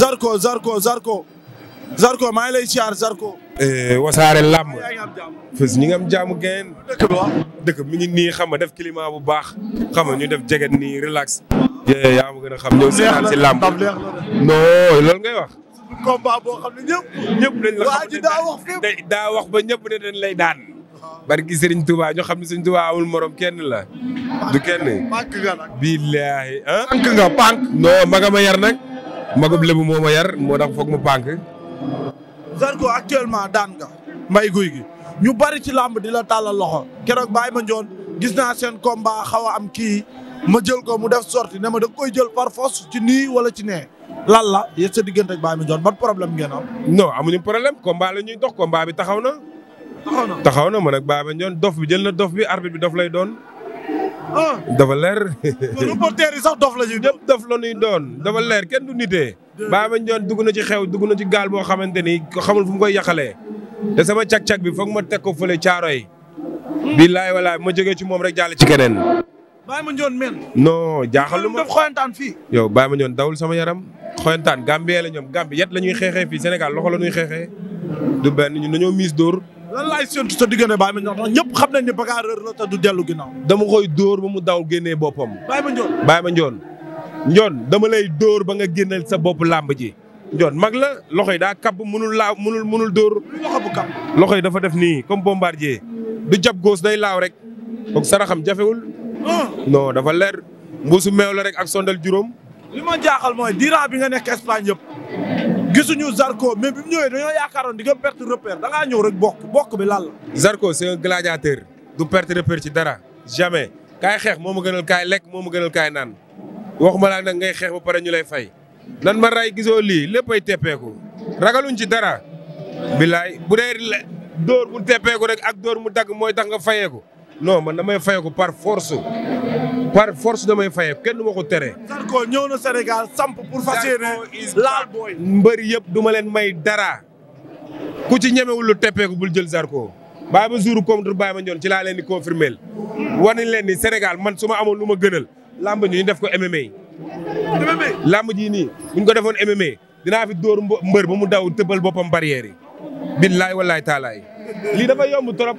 sarko sarko Zarko Zarko maa ngi sarko siyaar Zarko. wasaare làmb. fës ñi nga am jaamu gain. dëkk nii xam def climat bu baax. xam nga ñu def jeget nii relax. yaa ma gën xam ñëw seetaan si làmb. non loolu ngay wax. ñëpp. ñëpp dañ wax daa wax ba ñëpp ne dañ lay daan. Ah. barki Serigne Touba ñu xam ne Serigne Touba amul morom kenn la. du kenn. pànk nga nag. billaahi ah. nga pànk. non ma yar nag. magub lébu moo ma yar moo tax foog mu pànk. Zarko actuellement daan nga mbay guy gi ñu bari ci làmb di la tàllal loxo keroog bàyyi ma njoon gis naa seen combat xaw a am kii ma jël ko mu def sorti ne ma da koy jël par ci nii wala ci nee lan la yéen sa diggante ak bàyyi ma njoon ban problème ngeen am. non amuñu problème combat la ñuy dox combat bi taxaw na. taxaw na taxaw na man ak bàyyi ma njoon dof bi jël na dof bi arbitre bi dof lay doon. Ah. dafa leer. reporter yi sax dof la ñuy ñëpp dof la doon dafa leer kenn du nitee. baa ma ñoon dugg na ci xew dugg na ci gaal boo xamante ni xamul fu mu koy yàqalee. te sama cag bi foog ma teg ko fole caaro yi. Hmm. billaay walaay ma jógee ci moom rek jàll ci keneen. bàyyi ma ñoon men. non jaaxalu ma def xoyantaan fi yow bàyyi ma ñoon dawul sama yaram. xoyantaan Gambie la ñoom Gambie yet la ñuy xeexee fii Sénégal loxo la ñuy xeexee. du benn ñun dañoo miis dóor lan laay séntu sa diggante Baye Mandione ndax ñëpp xam nañ ne bagarreur la te du gi ginnaaw. dama koy dóor ba mu daw génnee boppam. Baye Mandione Baye Mandione. Njoon dama lay dóor ba nga génneel sa bopp làmb ji. Njoon mag la loxo yi daa kàbb munul laaw munul munul dóor. loxo loxo yi dafa def nii comme bombardier. du jab góos day laaw rek. donc saraxam jafewul. Ah. non dafa leer. mbuusu meew la rek ak sondal juróom. li ma jaaxal mooy diiraa bi nga nekk Espagne yëpp. gisuñu Zarko mais bi mu ñëwee dañoo yaakaaroon di nga perte repère da ngaa ñëw rek bokk bokk bi lan la. Zarko c'est un gladiateur du perte repère ci dara jamais kaay xeex moo ma gënal kaay lekk moo ma gënal kaay naan ma laa nag ngay xeex ba pare ñu lay fay nan ma ray gisoo lii léppay teppeeku ragaluñ ci dara. bilaay bu dee dóor mu teppeeku rek ak dóor mu dagg mooy tax nga fayeeku non man damay fayeeku par force par force damay fayee kenn du ma tere. Zarko ñëw na Sénégal samp pour fas yéene laal yëpp duma leen may dara ku ci ñemewul lu teppeeku bul jël Zarko bàyyi ma jour contre bàyyi ma ñoon ci laa leen di confirmer wane leen ni Sénégal man su ma amoon lu ma gënal làmb ñu def ko MMA. làmb jii nii buñ ko defoon MMA dinaa fi dóor mbër ba mu daw tëbal boppam barrière yi. billaay wallaay taalaay. lii dafa yomb trop.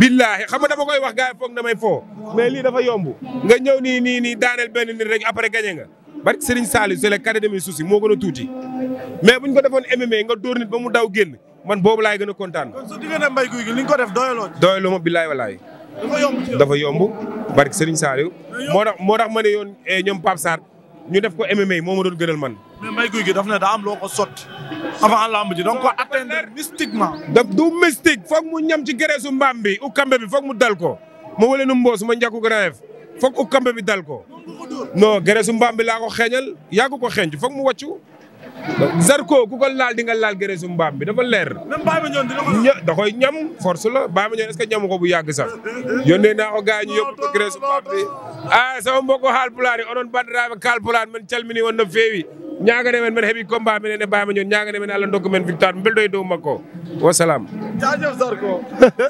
billaahi xam nga dama koy wax gars yi foog damay foo mais lii dafa yomb nga ñëw ni nii nii daaneel benn nit rek après gagné nga. barke Serigne Saliou c'est le cadet de mes moo gën a tuuti mais bu ko defoon MMA nga dóor ba mu daw génn man boobu laay gën a kontaan. kon su diggante mbay guy gi li nga ko def doyaloo. doyaloo ma billaay walaay. dafa yomb dafa yomb barke Serigne Saliou. moo tax moo tax ma ne yoon eh, ñoom Pape Sarr. ñu def ko MMA moo ma doon gënal man. mais daf ne daa am loo ko sotti. avant lamb ji donc ko da du mystique foog mu ñam ci gereesu mbaam bi ukkambe bi foog mu dal ko ma wële nu mboos ma njàkku gën foog ukkambe bi dal ko. non gereesu mbaam bi laa ko xeeñal yàggu ko xeeñ foog mu wàccu. Zarko ku ko laal di nga laal gereesu mbaam bi dafa leer. même Baye ko ña da koy ñam force la Baye Mandione est-ce ñamu ko bu yàgg sax yónnee naa ko gars ñu yóbbu ko gereesu mbaam a ah, sama mbokko haalpulaar onon bandiraɓe kalpulaar min calmini on no feewi ñagane men min heeɓi combat minen e mbama ñon ñagane men allah dokku men victoire belɗo e dow makko wasalam jajof sarko